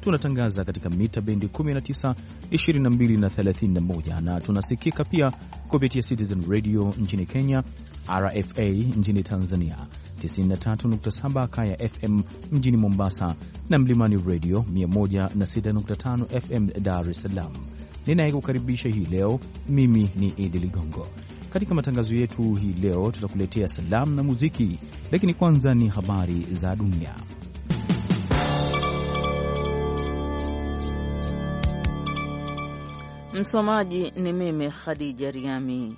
Tunatangaza katika mita bendi 19, 22 na 31 na tunasikika pia kupitia Citizen Radio nchini Kenya, RFA nchini Tanzania, 93.7 Kaya FM mjini Mombasa na Mlimani Radio 106.5 FM Dar es Salaam. Ninayekukaribisha hii leo mimi ni Idi Ligongo. Katika matangazo yetu hii leo tutakuletea salamu na muziki, lakini kwanza ni habari za dunia. Msomaji ni mimi Khadija Riami.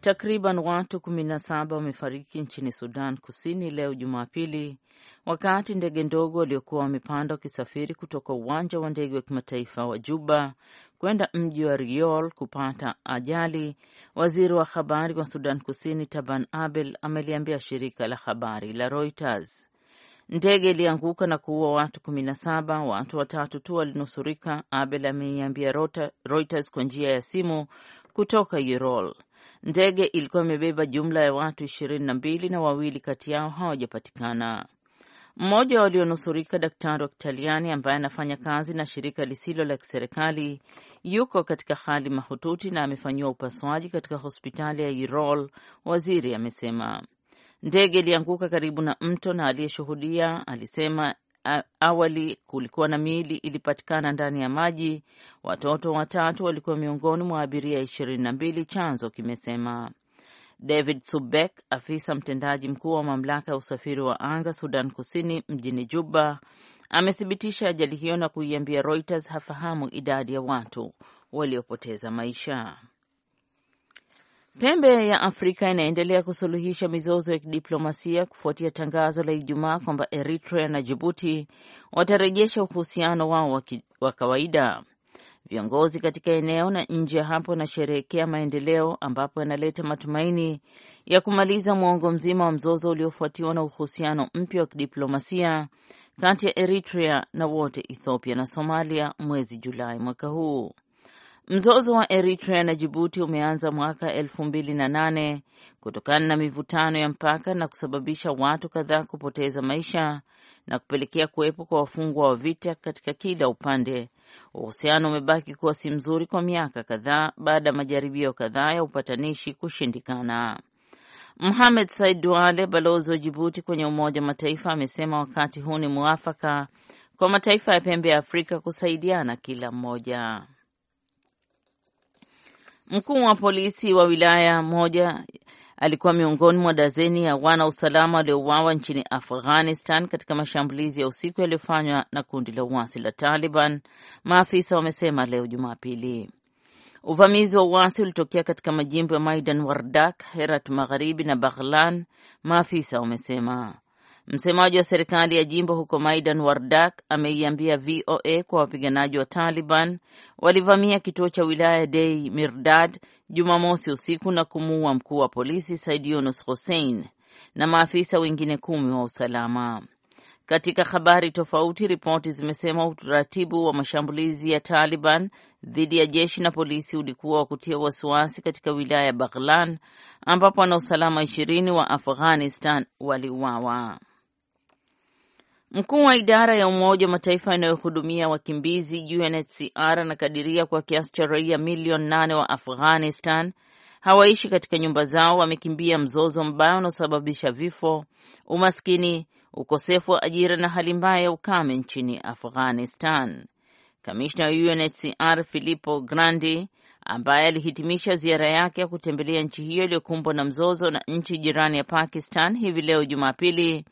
Takriban watu 17 wamefariki nchini Sudan Kusini leo Jumapili, wakati ndege ndogo waliokuwa wamepanda wakisafiri kutoka uwanja wa ndege wa kimataifa wa Juba kwenda mji wa Riol kupata ajali. Waziri wa habari wa Sudan Kusini Taban Abel ameliambia shirika la habari la Reuters Ndege ilianguka na kuua watu kumi na saba. Watu watatu tu walinusurika, Abel ameiambia Reuters kwa njia ya simu kutoka urol Ndege ilikuwa imebeba jumla ya watu ishirini na mbili na wawili kati yao hawajapatikana. Mmoja walionusurika, daktari wa Kitaliani ambaye anafanya kazi na shirika lisilo la kiserikali, yuko katika hali mahututi na amefanyiwa upasuaji katika hospitali ya urol waziri amesema. Ndege ilianguka karibu na mto na aliyeshuhudia alisema awali kulikuwa na miili ilipatikana ndani ya maji. Watoto watatu walikuwa miongoni mwa abiria ishirini na mbili, chanzo kimesema. David Subek, afisa mtendaji mkuu wa mamlaka ya usafiri wa anga Sudan Kusini mjini Juba, amethibitisha ajali hiyo na kuiambia Reuters hafahamu idadi ya watu waliopoteza maisha. Pembe ya Afrika inaendelea kusuluhisha mizozo ya kidiplomasia kufuatia tangazo la Ijumaa kwamba Eritrea na Jibuti watarejesha uhusiano wao wa kawaida. Viongozi katika eneo na nje ya hapo wanasherehekea maendeleo ambapo yanaleta matumaini ya kumaliza mwongo mzima wa mzozo uliofuatiwa na uhusiano mpya wa kidiplomasia kati ya Eritrea na wote Ethiopia na Somalia mwezi Julai mwaka huu. Mzozo wa Eritrea na Jibuti umeanza mwaka elfu mbili na nane kutokana na mivutano ya mpaka na kusababisha watu kadhaa kupoteza maisha na kupelekea kuwepo kwa wafungwa wa vita katika kila upande. Uhusiano umebaki kuwa si mzuri kwa miaka kadhaa baada ya majaribio kadhaa ya upatanishi kushindikana. Mohamed Said Duale, balozi wa Jibuti kwenye Umoja wa Mataifa, amesema wakati huu ni mwafaka kwa mataifa ya pembe ya Afrika kusaidiana kila mmoja. Mkuu wa polisi wa wilaya moja alikuwa miongoni mwa dazeni ya wana usalama waliouawa nchini Afghanistan katika mashambulizi ya usiku yaliyofanywa na kundi la uasi la Taliban, maafisa wamesema leo Jumapili. Uvamizi wa uasi ulitokea katika majimbo ya Maidan Wardak, Herat Magharibi na Baghlan, maafisa wamesema. Msemaji wa serikali ya jimbo huko Maidan Wardak ameiambia VOA kwa wapiganaji wa Taliban walivamia kituo cha wilaya Dei Mirdad Jumamosi usiku na kumuua mkuu wa polisi Said Yunus Hussein na maafisa wengine kumi wa usalama. Katika habari tofauti, ripoti zimesema utaratibu wa mashambulizi ya Taliban dhidi ya jeshi na polisi ulikuwa wa kutia wasiwasi katika wilaya ya Baghlan ambapo wanausalama ishirini wa Afghanistan waliuawa. Mkuu wa idara ya Umoja wa Mataifa inayohudumia wakimbizi UNHCR anakadiria kwa kiasi cha raia milioni nane wa Afghanistan hawaishi katika nyumba zao, wamekimbia mzozo mbaya unaosababisha vifo, umaskini, ukosefu wa ajira na hali mbaya ya ukame nchini Afghanistan. Kamishna wa UNHCR Filippo Grandi ambaye alihitimisha ziara yake ya kutembelea nchi hiyo iliyokumbwa na mzozo na nchi jirani ya Pakistan hivi leo Jumapili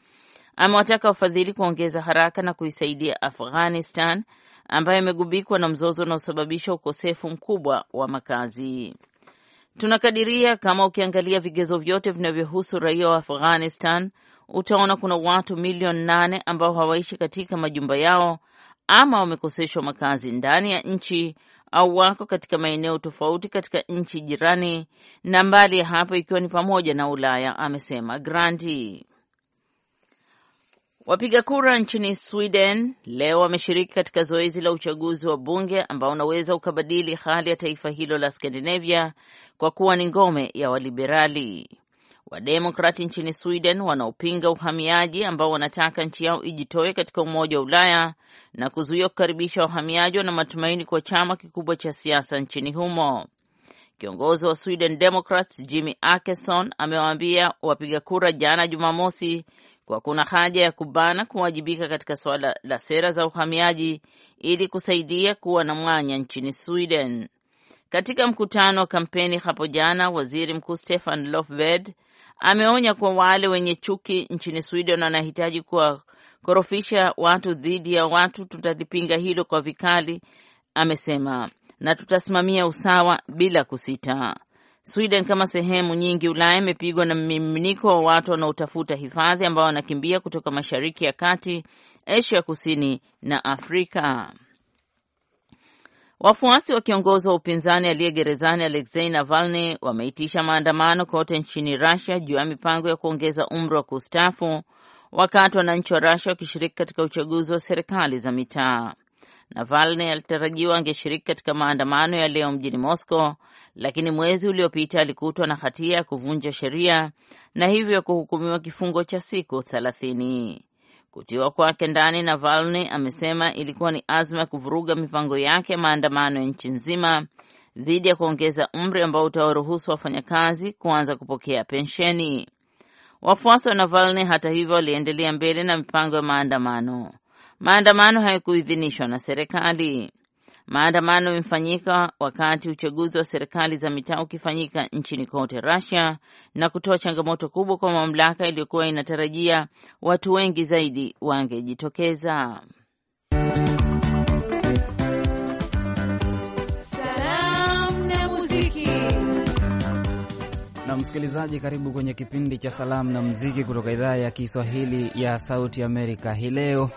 amewataka wafadhili kuongeza haraka na kuisaidia Afghanistan ambayo imegubikwa na mzozo unaosababisha ukosefu mkubwa wa makazi. Tunakadiria kama ukiangalia vigezo vyote vinavyohusu raia wa Afghanistan utaona kuna watu milioni nane ambao hawaishi katika majumba yao ama wamekoseshwa makazi ndani ya nchi au wako katika maeneo tofauti katika nchi jirani na mbali ya hapo, ikiwa ni pamoja na Ulaya, amesema Grandi. Wapiga kura nchini Sweden leo wameshiriki katika zoezi la uchaguzi wa bunge ambao unaweza ukabadili hali ya taifa hilo la Skandinavia kwa kuwa ni ngome ya waliberali. Wademokrati nchini Sweden wanaopinga uhamiaji ambao wanataka nchi yao ijitoe katika Umoja wa Ulaya na kuzuia kukaribisha wahamiaji wana matumaini kwa chama kikubwa cha siasa nchini humo. Kiongozi wa Sweden Democrats Jimmy Akeson amewaambia wapiga kura jana Jumamosi kuwa kuna haja ya kubana kuwajibika katika suala la sera za uhamiaji ili kusaidia kuwa na mwanya nchini Sweden. Katika mkutano wa kampeni hapo jana, waziri mkuu Stefan Lofved ameonya kuwa wale wenye chuki nchini Sweden wanahitaji kuwakorofisha watu dhidi ya watu. Tutalipinga hilo kwa vikali, amesema, na tutasimamia usawa bila kusita. Sweden kama sehemu nyingi Ulaya imepigwa na mmiminiko wa watu wanaotafuta hifadhi ambao wanakimbia kutoka Mashariki ya Kati, Asia Kusini na Afrika. Wafuasi wa kiongozi wa upinzani aliye gerezani Alexei Navalny wameitisha maandamano kote nchini Russia juu ya mipango ya kuongeza umri wa kustaafu, wakati wananchi wa Russia wakishiriki katika uchaguzi wa serikali za mitaa. Navalny alitarajiwa angeshiriki katika maandamano ya leo mjini Moscow, lakini mwezi uliopita alikutwa na hatia ya kuvunja sheria na hivyo kuhukumiwa kifungo cha siku thelathini. Kutiwa kwake ndani, Navalny amesema ilikuwa ni azma ya kuvuruga mipango yake ya maandamano ya nchi nzima dhidi ya kuongeza umri ambao utawaruhusu wafanyakazi kuanza kupokea pensheni. Wafuasi wa Navalny hata hivyo waliendelea mbele na mipango ya maandamano. Maandamano hayakuidhinishwa na serikali. Maandamano yamefanyika wakati uchaguzi wa serikali za mitaa ukifanyika nchini kote Russia na kutoa changamoto kubwa kwa mamlaka iliyokuwa inatarajia watu wengi zaidi wangejitokeza. Na msikilizaji, karibu kwenye kipindi cha salamu na mziki kutoka idhaa ya Kiswahili ya Sauti Amerika. Hii leo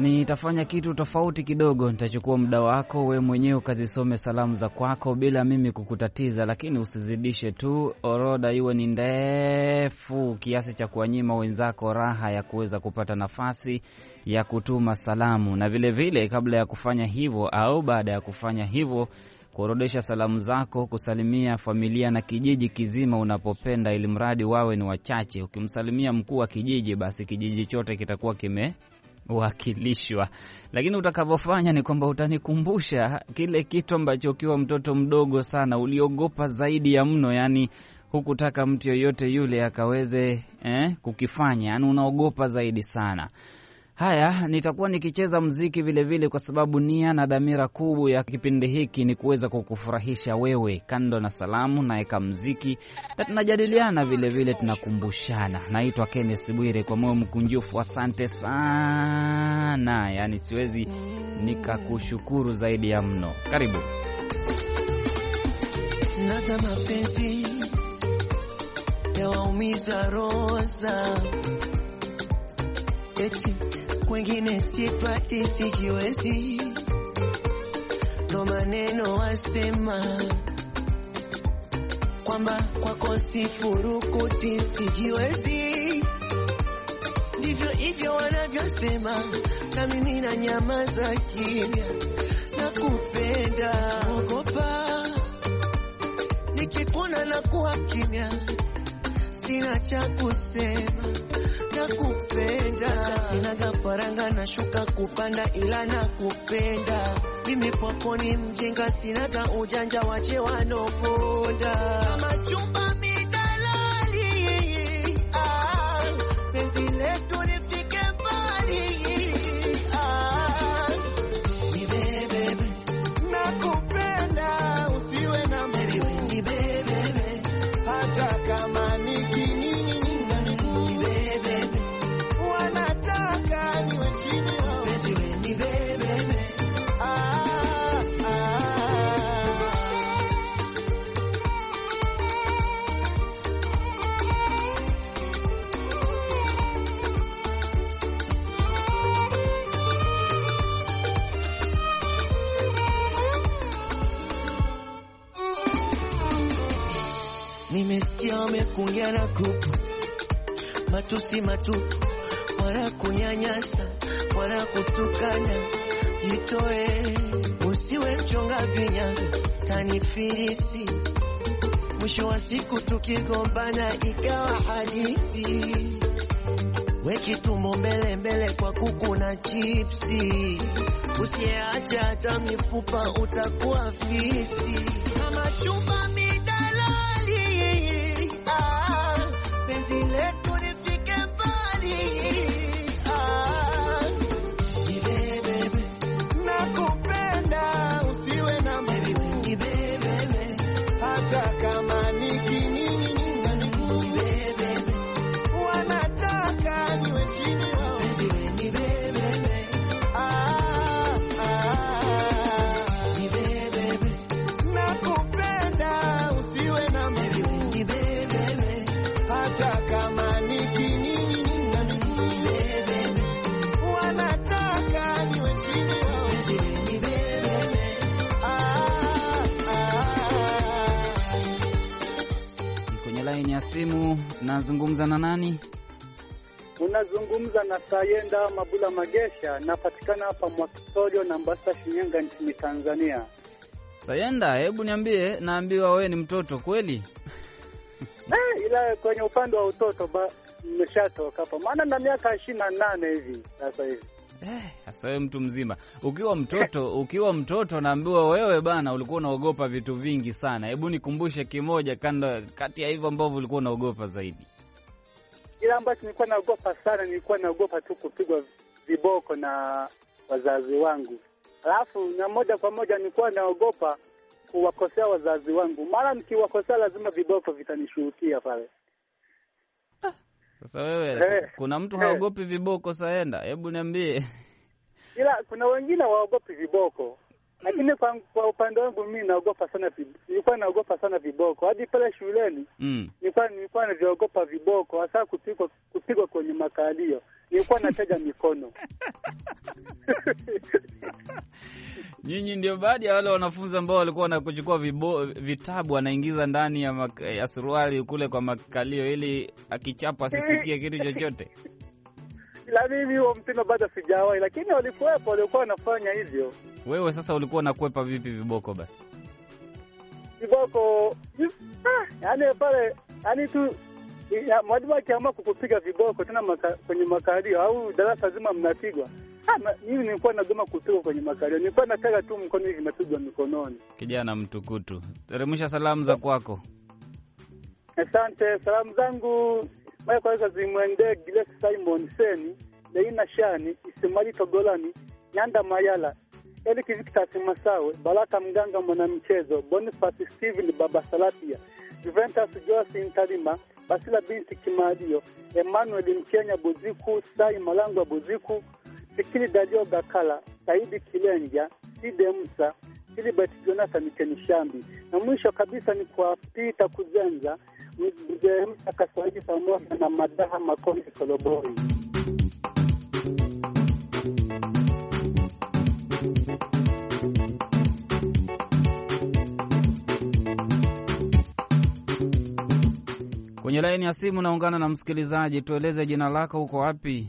nitafanya kitu tofauti kidogo. Nitachukua muda wako we mwenyewe ukazisome salamu za kwako bila mimi kukutatiza, lakini usizidishe tu, orodha iwe ni ndefu kiasi cha kuwanyima wenzako raha ya kuweza kupata nafasi ya kutuma salamu. Na vilevile vile, kabla ya kufanya hivyo au baada ya kufanya hivyo kuorodesha salamu zako, kusalimia familia na kijiji kizima unapopenda, ili mradi wawe ni wachache. Ukimsalimia mkuu wa kijiji, basi kijiji chote kitakuwa kime wakilishwa, lakini utakavyofanya ni kwamba utanikumbusha kile kitu ambacho ukiwa mtoto mdogo sana uliogopa zaidi ya mno, yani hukutaka mtu yoyote yule akaweze eh, kukifanya, yani unaogopa zaidi sana. Haya, nitakuwa nikicheza mziki vilevile vile, kwa sababu nia na dhamira kubwa ya kipindi hiki ni kuweza kukufurahisha wewe. Kando na salamu, naweka mziki na tunajadiliana vilevile, tunakumbushana. Naitwa kennes Bwire, kwa moyo mkunjufu asante sana, yaani siwezi nikakushukuru zaidi ya mno. Karibu nata mapenzi eti wengine sipati, sijiwezi, ndo maneno wasema kwamba kwako sifurukuti, sijiwezi, ndivyo hivyo wanavyosema, na mimi na nyamaza kimya, nakupenda, ogopa nikikuna na kuwa kimya, sina cha kusema nakupenda, sinaga faranga na shuka kupanda, ila nakupenda mimi kwako ni mjinga, sinaga ujanja, wache wanokonda kama chumba Mwisho wa siku tukigombana ikawa hadithi, we kitumbo mbele mbele kwa kuku na chipsi, usiyeacha hata mifupa utakuwa fisi kama chumba midalali. Ah, penzi letu laini ya simu. Nazungumza na nani? Unazungumza na Sayenda Mabula Magesha, napatikana hapa Mwakitorio na Mbasa, Shinyanga, nchini Tanzania. Sayenda, hebu niambie, naambiwa wewe ni mtoto kweli? Eh, ila kwenye upande wa utoto ba nimeshatoka hapa, maana na miaka ishirini na nane hivi sasa hivi. Eh, hasa wewe mtu mzima, ukiwa mtoto ukiwa mtoto naambiwa wewe bana, ulikuwa unaogopa vitu vingi sana. Hebu nikumbushe kimoja kando kati ya hivyo ambavyo ulikuwa unaogopa zaidi. Kila ambacho nilikuwa naogopa sana, nilikuwa naogopa tu kupigwa viboko na wazazi wangu, alafu na moja kwa moja nilikuwa naogopa kuwakosea wazazi wangu. Mara nikiwakosea, lazima viboko vitanishuhukia pale. Sasa wewe hey, eh, kuna mtu eh. haogopi viboko saenda, hebu niambie. Ila kuna wengine waogopi viboko, lakini kwa, kwa upande wangu mimi naogopa sana, nilikuwa naogopa sana viboko hadi pale shuleni mm, nilikuwa nilikuwa naviogopa viboko, hasa kupigwa kupigwa kwenye makalio nilikuwa natega mikono. Nyinyi ndio baadhi ya wale wanafunzi ambao walikuwa wanakuchukua vitabu wanaingiza ndani ya, ya suruali kule kwa makalio ili akichapa asisikie kitu chochote. La, mimi huo mtindo bado sijawahi, lakini walikuwepo walikuwa wanafanya hivyo. Wewe sasa ulikuwa unakwepa vipi viboko? Basi viboko, ah, yani pale yani tu mwalimu akiamua kukupiga viboko tena maka, kwenye makalio au darasa zima mnapigwa. Mimi nilikuwa nagoma kupigwa kwenye makalio, nilikuwa nataka tu mkono hivi napigwa mikononi. Kijana mtukutu, teremsha salamu za kwako. Asante. Salamu zangu mara kwaweza zimwendee Grace Simon Seni, Leina Shani, Isimali Togolani, Nyanda Mayala, Eric Victor Simasawe, Baraka Mganga mwanamchezo, Bonifas Steven Baba Salatia Juventus Joas Ntalima Basila binti Kimadio, Emmanuel Mkenya Buziku, Sai Malango Buziku, Fikiri Dario Gakala, Saidi Kilenja, Ide Musa, Filibert Jonathan Kenishambi, na mwisho kabisa ni kwa Pita Kuzenza Mzee Musa Kaswaidi pamoja na Madaha makoni koloboi Kwenye laini ya simu naungana na msikilizaji, tueleze jina lako, huko wapi?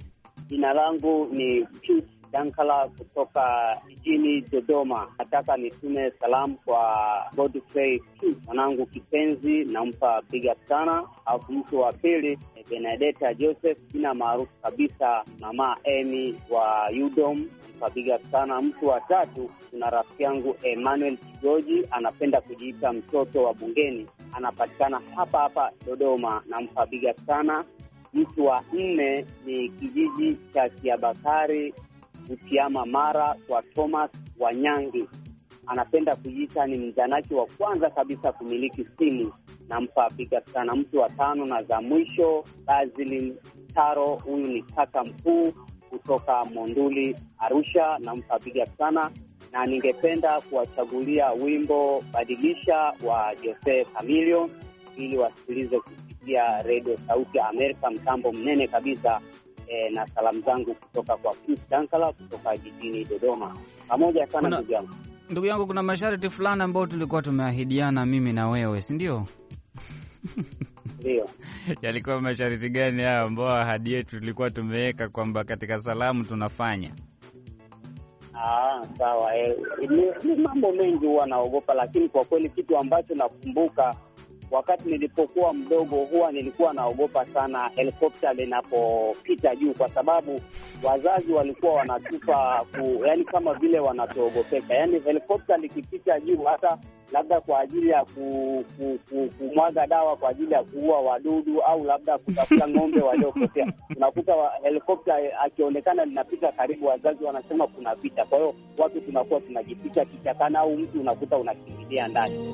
Jina langu ni Pius Dankala kutoka jijini Dodoma. Nataka nitume salamu kwa Godfrey mwanangu kipenzi, nampa big up sana. Alafu mtu wa pili benedeta Joseph, jina maarufu kabisa Mama Emi wa Udom, nampa big up sana. Mtu wa tatu, kuna rafiki yangu Emmanuel Kigoji, anapenda kujiita mtoto wa bungeni, anapatikana hapa hapa Dodoma. Namfabiga sana. Mtu wa nne ni kijiji cha Kiabakari Butiama Mara kwa Thomas Wanyangi, anapenda kujiita ni mzanaki wa kwanza kabisa kumiliki simu. Namfabiga sana. Mtu wa tano na za mwisho Bazili Taro, huyu ni kaka mkuu kutoka Monduli Arusha. Namfabiga sana na ningependa kuwachagulia wimbo Badilisha wa Jose Camilio ili wasikilize kupitia Redio Sauti ya Amerika, mtambo mnene kabisa e, na salamu zangu kutoka kwa Dankala kutoka jijini Dodoma. Pamoja sana ndugu yangu, ndugu yangu, kuna masharti fulani ambayo tulikuwa tumeahidiana mimi na wewe, si ndio? Ndio. Yalikuwa masharti gani hayo ambayo ahadi yetu tulikuwa tumeweka kwamba katika salamu tunafanya Ah, sawa. Eh, ni mambo mengi huwa naogopa, lakini kwa kweli kitu ambacho nakumbuka Wakati nilipokuwa mdogo, huwa nilikuwa naogopa sana helikopta linapopita juu, kwa sababu wazazi walikuwa wanatupa ku, yani kama vile wanatuogopeka, yani helikopta likipita juu, hata labda kwa ajili ya ku, ku, ku, kumwaga dawa kwa ajili ya kuua wadudu au labda kutafuta ng'ombe waliopotea, unakuta wa, helikopta akionekana linapita karibu, wazazi wanasema kuna vita. Kwa hiyo watu tunakuwa tunajificha kichakana, au mtu unakuta unakimbilia ndani.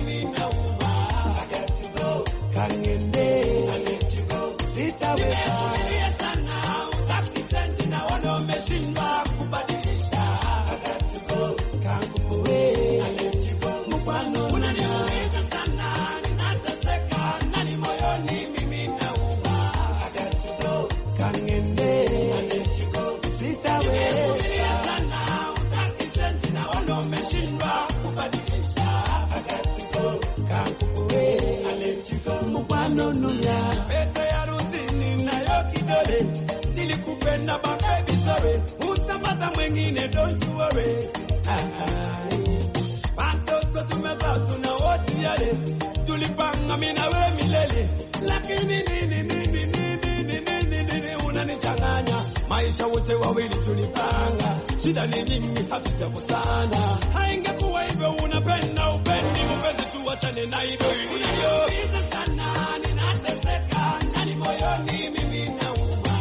mimi na wewe milele, lakini nini nini nini nini nini unanichanganya? Maisha wote wawili tulipanga, shida ni nyingi, hatujakosana. Haingekuwa hivyo, unapenda upendi, mpenzi, tuachane na hivyo unavyoiza sana, ninateseka ndani moyoni, mimi nauma,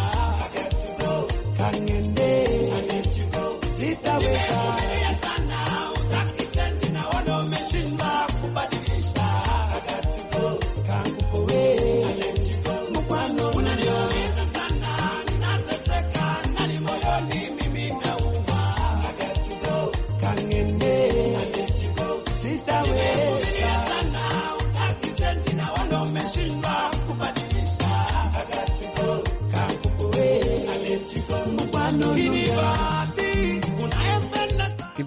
sitaweza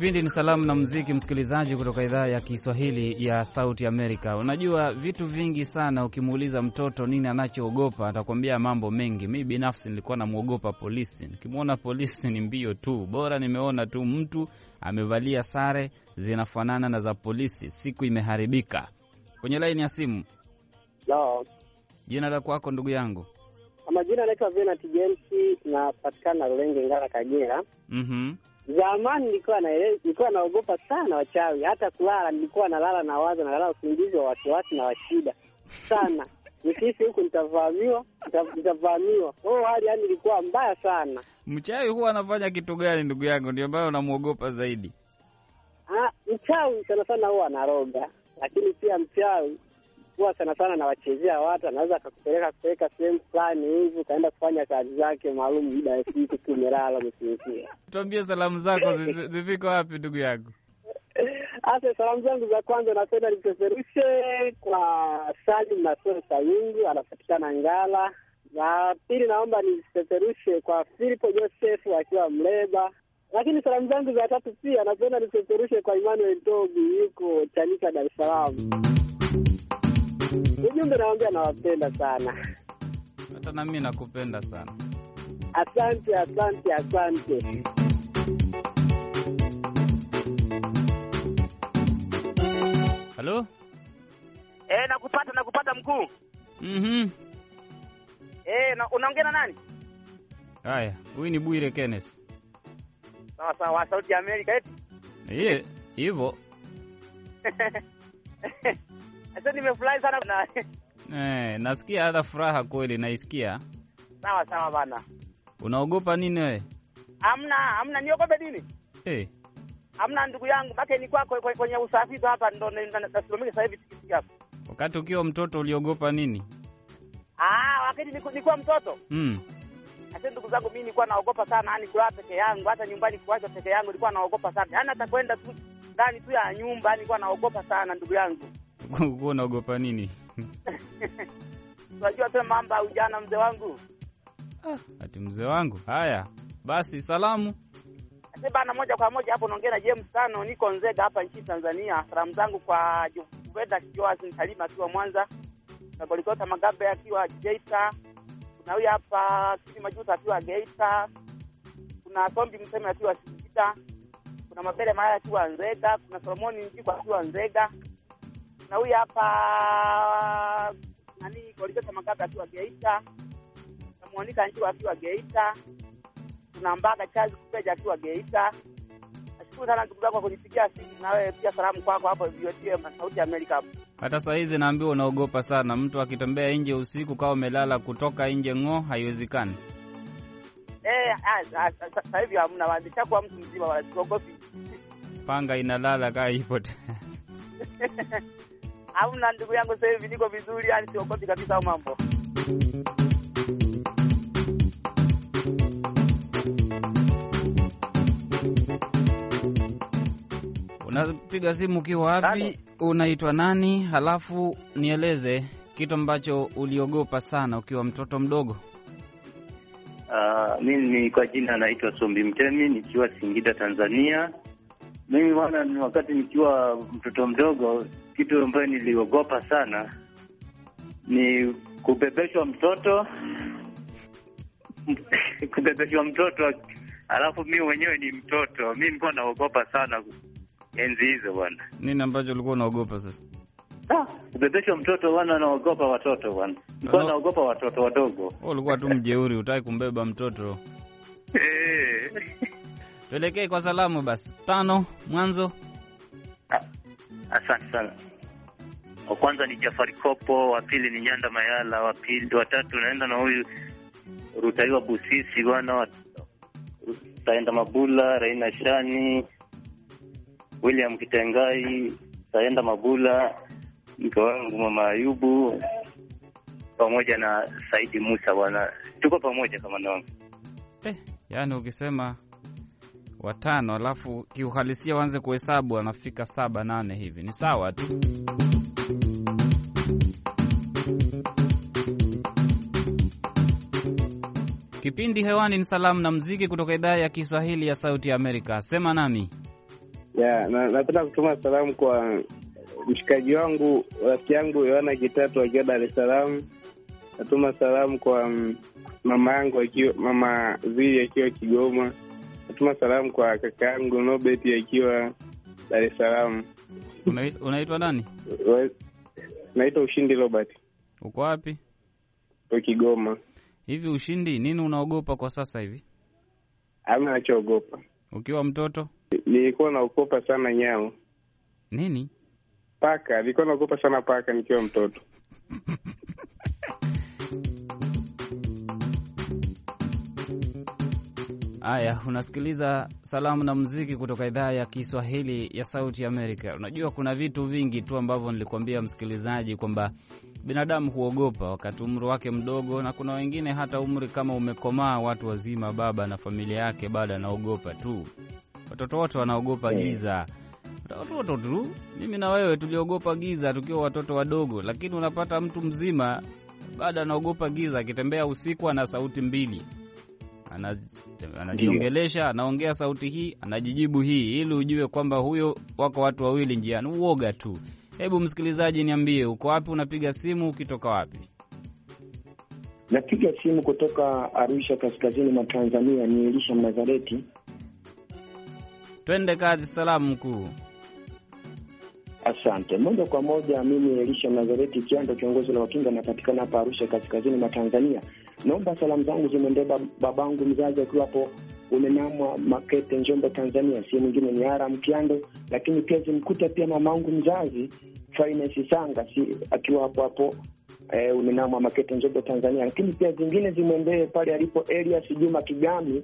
Kipindi ni salamu na mziki msikilizaji, kutoka idhaa ya Kiswahili ya Sauti Amerika. Unajua vitu vingi sana, ukimuuliza mtoto nini anachoogopa atakuambia mambo mengi. Mi binafsi nilikuwa namwogopa polisi, nikimwona polisi ni mbio tu, bora nimeona tu mtu amevalia sare zinafanana na za polisi, siku imeharibika. Kwenye laini ya simu no. Jina la kwako ndugu yangu? Majina anaitwa Venat Jemsi, napatikana Rulenge, Ngara, Kagera. mm -hmm. Zamani nilikuwa na nilikuwa naogopa sana wachawi, hata kulala nilikuwa nalala na wazo nalala usingizi wa wasiwasi na washida sana nikihisi huku nitavamiwa, nitavamiwa. Oh, hali yani ilikuwa mbaya sana. Mchawi huwa anafanya kitu gani, ndugu yangu, ndio ambayo unamwogopa zaidi? Ah, mchawi sana sana huwa anaroga, lakini pia mchawi kuwa sana sana anawachezea watu, anaweza akakupeleka kupeleka sehemu fulani hivi ukaenda kufanya kazi zake maalum, muda ya siku tu umelala umesikia. Tuambie salamu zako ziviko wapi ndugu yangu? Asa, salamu zangu za kwanza napenda nipeperushe kwa Salim Sore Sayungu, anapatikana Ngala. Na pili naomba nipeperushe kwa Filipo Josefu akiwa Mleba lakini salamu zangu za tatu pia napenda nipeperushe kwa Emmanuel Tobi, yuko Chanika, Dar es Salaam. Ujumbe naongea, nawapenda sana. Hata na mimi nakupenda sana. Asante, asante, asante. Mm. Halo, eh, nakupata, nakupata mkuu. Mhm, eh, na unaongea na nani? Haya, huyu ni Bwire Kenneth. Sawa sawa, Sauti ya Amerika eti. Eh? Yeah, hivyo. Sasa nimefurahi sana na eh, nasikia hata furaha kweli, naisikia. Sawa sawa bana. Unaogopa nini wewe? Hamna, hamna niogope nini? Eh. Hey. Hamna ndugu yangu, bake ni kwako kwenye usafi tu hapa ndo nasimamia sasa hivi tikiti hapa. Wakati ukiwa mtoto uliogopa nini? Ah, wakati nilikuwa mtoto. Mm. Hata ndugu zangu mimi nilikuwa naogopa sana, yani kulala peke yangu, hata nyumbani kuacha peke yangu nilikuwa naogopa sana. Yaani atakwenda tu ndani tu ya nyumba nilikuwa naogopa sana ndugu yangu. Kuwa unaogopa nini? Unajua tu mambo ya ujana, mzee wangu. Ah, ati mzee wangu. Haya basi, salamu bana, moja kwa moja hapo naongea na James Tano, niko Nzega hapa nchini Tanzania. Salamu zangu kwa Juveda Joas Mtalima akiwa Mwanza, na Goligota Magabe akiwa Geita, kuna huyu hapa Kili Majuta akiwa Geita, kuna Sombi Mseme akiwa Singida, kuna Mabele Mayala akiwa Nzega, kuna Solomoni Njiku akiwa Nzega na huyu hapa nani Goligota Magabe akiwa Geita, Namuanika Njiwa akiwa Geita, tuna Mbaga Chazi Kupeja akiwa Geita. Nashukuru sana ndugu zako kwa kunipigia simu, na wewe pia salamu kwako hapo VOA Sauti ya Amerika hapo. Hata saa hizi naambiwa unaogopa sana, mtu akitembea nje usiku kama umelala, kutoka nje ng'o, haiwezekani. Eh, sasa ah, ah, hivi hamna wazi, kwa mtu mzima, wala siogopi. Panga inalala kaa ipo hamna ndugu yangu, sasa hivi niko vizuri, yani siokoti kabisa au mambo Unapiga simu ukiwa wapi? Unaitwa nani? Halafu nieleze kitu ambacho uliogopa sana ukiwa mtoto mdogo. Uh, mimi kwa jina naitwa Sombi Mtemi nikiwa Singida, Tanzania. Mimi bwana, wakati nikiwa mtoto mdogo kitu ambayo niliogopa sana ni kubebeshwa mtoto kubebeshwa mtoto, alafu mi mwenyewe ni mtoto. Mi nilikuwa naogopa sana enzi hizo bwana. Nini ambacho ulikuwa unaogopa sasa? Ah, kubebeshwa mtoto bwana, naogopa watoto bwana, nilikuwa naogopa watoto wadogo. Oh, ulikuwa tu mjeuri, utaki kumbeba mtoto eh. tuelekee kwa salamu basi, tano mwanzo Asante sana. Wa kwanza ni Jafari Kopo, wa pili ni Nyanda Mayala, wa pili watatu naenda na huyu Rutaiwa Busisi bwana Taenda Mabula, Raina Shani, William Kitengai, Taenda Mabula, mke wangu Mama Ayubu pamoja na Saidi Musa bwana, tuko pamoja kama nao. Eh, yani ukisema watano, alafu kiuhalisia waanze kuhesabu, anafika saba nane hivi, ni sawa tu. Kipindi hewani ni salamu na mziki kutoka idhaa ya Kiswahili ya Sauti ya Amerika. Sema nami yeah, napenda kutuma salamu kwa mshikaji wangu rafiki yangu Yohana Kitatu akiwa Dar es Salaam. Natuma salamu kwa mm, mama yangu mama Zili akiwa Kigoma natuma salamu kwa kaka yangu Nobeti akiwa Dar es Salaam. Unaitwa nani? Naitwa Ushindi Robert. Uko wapi? Uko Kigoma. Hivi Ushindi, nini unaogopa kwa sasa hivi? ama nachoogopa. Ukiwa mtoto nilikuwa naogopa sana nyao. Nini? Paka. Nilikuwa naogopa sana paka nikiwa mtoto Haya, unasikiliza salamu na muziki kutoka idhaa ya Kiswahili ya Sauti Amerika. Unajua kuna vitu vingi tu ambavyo nilikuambia msikilizaji kwamba binadamu huogopa wakati umri wake mdogo, na kuna wengine hata umri kama umekomaa, watu wazima, baba na familia yake, bado anaogopa tu. Watoto wote wanaogopa eh. giza, watoto tu. Mimi na wewe tuliogopa giza tukiwa watoto wadogo, lakini unapata mtu mzima bado anaogopa giza, akitembea usiku ana sauti mbili anajiongelesha, anaongea sauti hii, anajijibu hii, ili ujue kwamba huyo wako watu wawili njiani. Uoga tu. Hebu msikilizaji, niambie uko wapi, unapiga simu ukitoka wapi? Napiga simu kutoka Arusha, kaskazini mwa Tanzania. Ni Elisha Mnazareti. Twende kazi, salamu mkuu. Asante. Moja kwa moja, mimi Elisha Nazareti Kiando, kiongozi la Wakinga, napatikana hapa Arusha, kaskazini mwa Tanzania. Naomba salamu zangu zimwendee babangu mzazi akiwapo Umenamwa Makete, Njombe, Tanzania, si mwingine ni Ara Mkiando, lakini pia zimkuta pia mamangu mzazi Fainesi Sanga si akiwa hapo hapo eh, e, Umenamwa Makete, Njombe, Tanzania, lakini pia zingine zimwendee pale alipo Elias Juma Kigami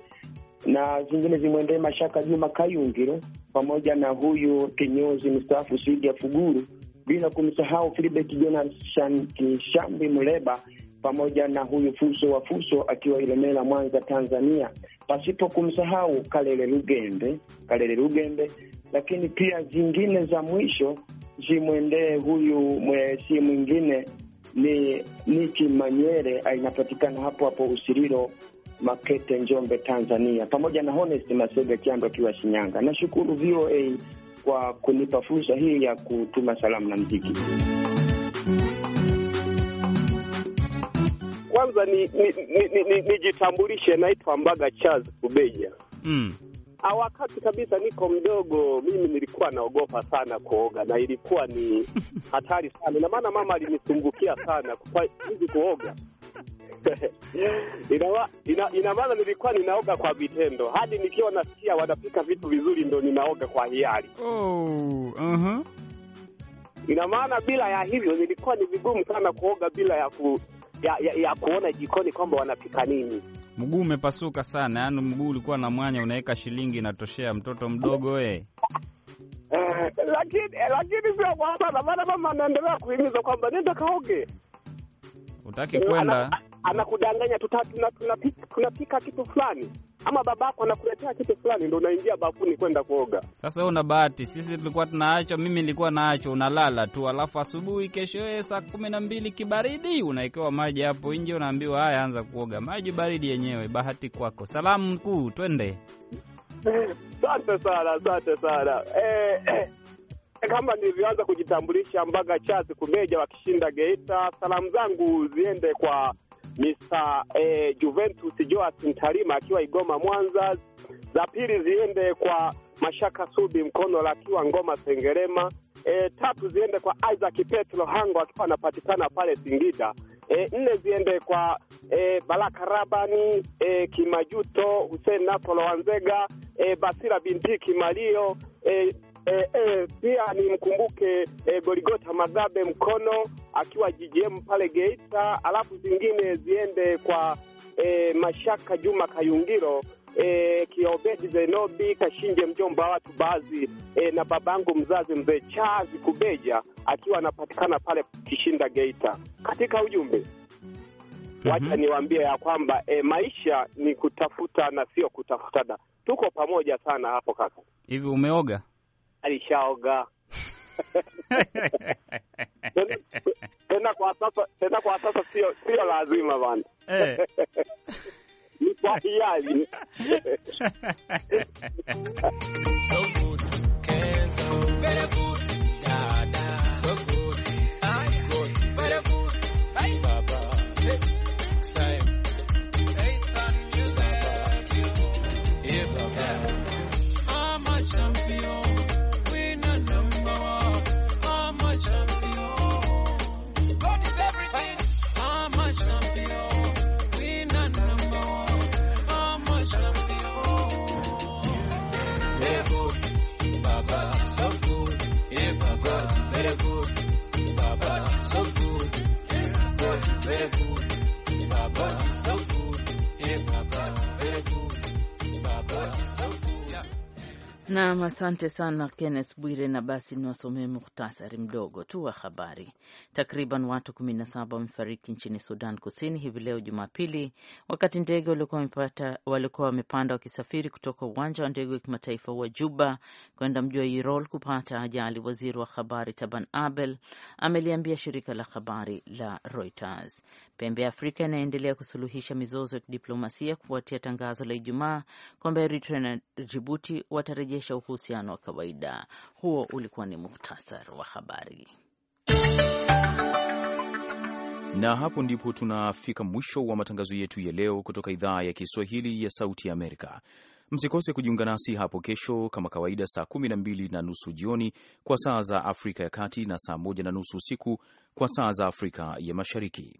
na zingine zimwendee Mashaka Juma Kayungiro pamoja na huyu kinyozi mstaafu Sidi ya Fuguru, bila kumsahau Filibert Jonas Kishambi Mleba pamoja na huyu Fuso wa Fuso akiwa Ilemela, Mwanza, Tanzania, pasipo kumsahau Kalele Lugembe, Kalele Lugembe. Lakini pia zingine za mwisho zimwendee huyu mwesi mwingine ni Niki Manyere, inapatikana hapo hapo Usiriro Makete, Njombe, Tanzania, pamoja na Honest Masebe Kyando akiwa Shinyanga. Nashukuru VOA kwa kunipa fursa hii ya kutuma salamu na mziki. kwanza nijitambulishe, ni, ni, ni, ni naitwa Mbaga Charles Kubeja. mm. Awakati ah, kabisa niko mdogo, mimi nilikuwa naogopa sana kuoga na ilikuwa ni hatari sana, na maana mama alinisungukia sana hizi kuoga ina, ina, ina maana nilikuwa ninaoga kwa vitendo, hadi nikiwa nasikia wanapika vitu vizuri ndo ninaoga kwa hiari. oh, uh-huh. Ina maana bila ya hivyo nilikuwa ni vigumu sana kuoga bila ya ku ya, ya, ya kuona jikoni kwamba wanapika nini. Mguu umepasuka sana, yaani mguu ulikuwa na mwanya, unaweka shilingi inatoshea mtoto mdogo we eh. Eh, eh, lakini sio kwamba na maana mama anaendelea kuhimiza kwamba nenda kaoge, utaki kwenda anakudanganya tunapika, kitu fulani ama babako anakuletea kitu fulani, ndo unaingia bafuni kwenda kuoga. Sasa wewe una bahati, sisi tulikuwa tunaacho, mimi nilikuwa naacho, unalala tu, alafu asubuhi kesho saa kumi na mbili kibaridi unaekewa maji hapo nje, unaambiwa haya, anza kuoga, maji baridi yenyewe. Bahati kwako. Salamu mkuu, twende. Asante sana, asante sana eh, eh. Kama nilivyoanza kujitambulisha, Mbaga Chazi kumeja wa Kishinda Geita, salamu zangu ziende kwa Mr eh, Juventus Joas Ntarima akiwa Igoma Mwanza. Za pili ziende kwa Mashaka Subi Mkono akiwa Ngoma Sengerema. E, tatu ziende kwa Isaac Petro Hango akiwa anapatikana pale Singida. E, nne ziende kwa e, Baraka Rabani e, Kimajuto Hussein Napolo Wanzega e, Basira Bintiki Kimalio e, eh, eh, pia nimkumbuke eh, Goligota Madhabe Mkono akiwa GGM pale Geita, alafu zingine ziende kwa eh, Mashaka Juma Kayungiro eh, Kiobedi Zenobi Kashinje mjomba wa watu baadhi eh, na babangu mzazi mzee Chazi Kubeja akiwa anapatikana pale Kishinda Geita. Katika ujumbe mhm. wacha mm -hmm. niwaambie ya kwamba e, maisha ni kutafuta na sio kutafuta Tuko pamoja sana hapo kaka. Hivi umeoga? alishaoga tena kwa sasa, tena kwa sasa sio sio lazima bana ni kwa hiari so good, Nam, asante sana Kenneth Bwire. Na basi niwasomee muhtasari mdogo tu wa habari. Takriban watu 17 wamefariki nchini Sudan Kusini hivi leo Jumapili, wakati ndege waliokuwa wamepanda wakisafiri kutoka uwanja wa ndege wa kimataifa wa Juba kwenda mji wa Irol kupata ajali. Waziri wa habari Taban Abel ameliambia shirika la habari la Reuters. Pembe ya Afrika inaendelea kusuluhisha mizozo ya kidiplomasia kufuatia tangazo la Ijumaa kwamba Eritrea na Jibuti watarejea kurejesha uhusiano wa kawaida. Huo ulikuwa ni muhtasari wa habari. Na hapo ndipo tunafika mwisho wa matangazo yetu ya leo kutoka idhaa ya Kiswahili ya Sauti ya Amerika. Msikose kujiunga nasi hapo kesho kama kawaida, saa kumi na mbili na nusu jioni kwa saa za Afrika ya Kati na saa moja na nusu usiku kwa saa za Afrika ya Mashariki.